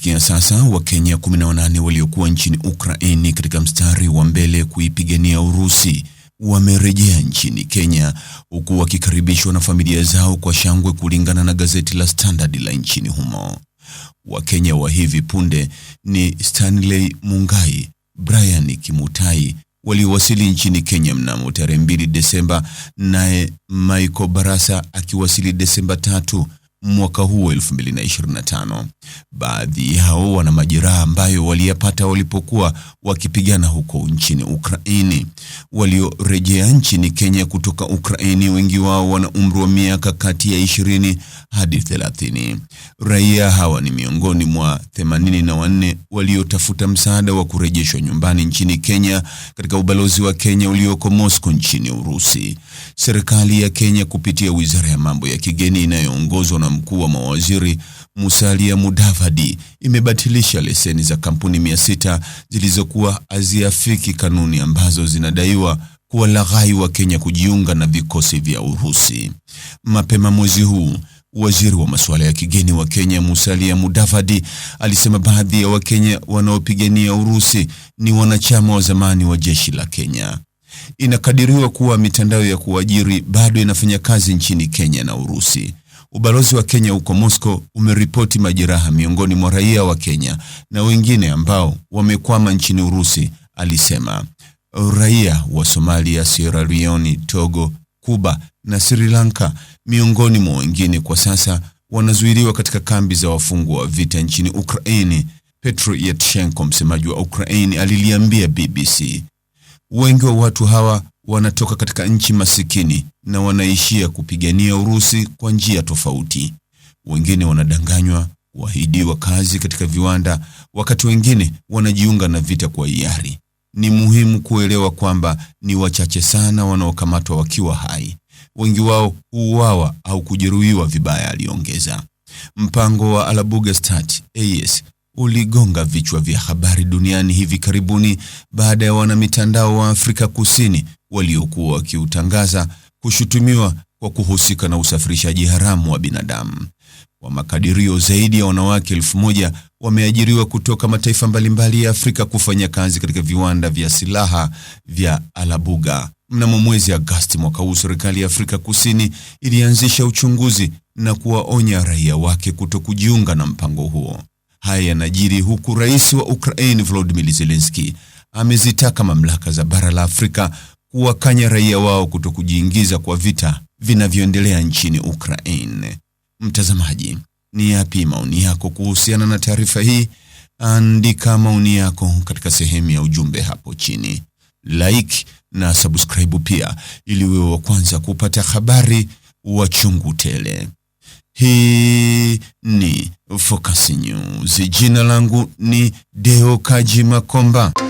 Kufikia sasa Wakenya 18 waliokuwa nchini Ukraini katika mstari wa mbele kuipigania Urusi wamerejea nchini Kenya huku wakikaribishwa na familia zao kwa shangwe kulingana na gazeti la Standard la nchini humo. Wakenya wa hivi punde ni Stanley Mungai, Brian Kimutai waliowasili nchini Kenya mnamo tarehe 2 Desemba, naye Michael Barasa akiwasili Desemba tatu mwaka huu 2025. Baadhi yao wana majeraha ambayo waliyapata walipokuwa wakipigana huko nchini Ukraini. Waliorejea nchini Kenya kutoka Ukraini, wengi wao wana umri wa miaka kati ya 20 hadi 30. Raia hawa ni miongoni mwa 84 waliotafuta msaada wa kurejeshwa nyumbani nchini Kenya katika ubalozi wa Kenya ulioko Moscow nchini Urusi. Serikali ya Kenya kupitia Wizara ya Mambo ya Kigeni inayoongozwa na mkuu wa mawaziri Musalia Mudavadi imebatilisha leseni za kampuni mia sita zilizokuwa haziafiki kanuni ambazo zinadaiwa kuwalaghai wa Kenya kujiunga na vikosi vya Urusi. Mapema mwezi huu Waziri wa masuala ya kigeni wa Kenya Musalia Mudavadi alisema baadhi ya Wakenya wanaopigania Urusi ni wanachama wa zamani wa jeshi la Kenya. Inakadiriwa kuwa mitandao ya kuajiri bado inafanya kazi nchini Kenya na Urusi. Ubalozi wa Kenya huko Moscow umeripoti majeraha miongoni mwa raia wa Kenya na wengine ambao wamekwama nchini Urusi, alisema. Raia wa Somalia, Sierra Leone, Togo, Kuba na Sri Lanka miongoni mwa wengine kwa sasa wanazuiliwa katika kambi za wafungwa wa vita nchini Ukraini, Petro Yatchenko, msemaji wa Ukraini, aliliambia BBC. Wengi wa watu hawa wanatoka katika nchi masikini na wanaishia kupigania Urusi kwa njia tofauti. Wengine wanadanganywa kuahidiwa kazi katika viwanda, wakati wengine wanajiunga na vita kwa hiari. Ni muhimu kuelewa kwamba ni wachache sana wanaokamatwa wakiwa hai. Wengi wao huuawa au kujeruhiwa vibaya, aliongeza. Mpango wa Alabugastat AS uligonga vichwa vya habari duniani hivi karibuni baada ya wanamitandao wa Afrika Kusini waliokuwa wakiutangaza kushutumiwa kwa kuhusika na usafirishaji haramu wa binadamu. Kwa makadirio, zaidi ya wanawake elfu moja wameajiriwa kutoka mataifa mbalimbali ya Afrika kufanya kazi katika viwanda vya silaha vya Alabuga. Mnamo mwezi Agosti mwaka huu, serikali ya Afrika Kusini ilianzisha uchunguzi na kuwaonya raia wake kuto kujiunga na mpango huo. Haya yanajiri huku rais wa Ukraine Volodymyr Zelensky amezitaka mamlaka za bara la Afrika kuwakanya raia wao kuto kujiingiza kwa vita vinavyoendelea nchini Ukraine. Mtazamaji, ni yapi maoni yako kuhusiana na taarifa hii? Andika maoni yako katika sehemu ya ujumbe hapo chini. Like na subscribe pia ili uwe wa kwanza kupata habari wa chungu tele. Hii ni Focus News. Jina langu ni Deo Kaji Makomba.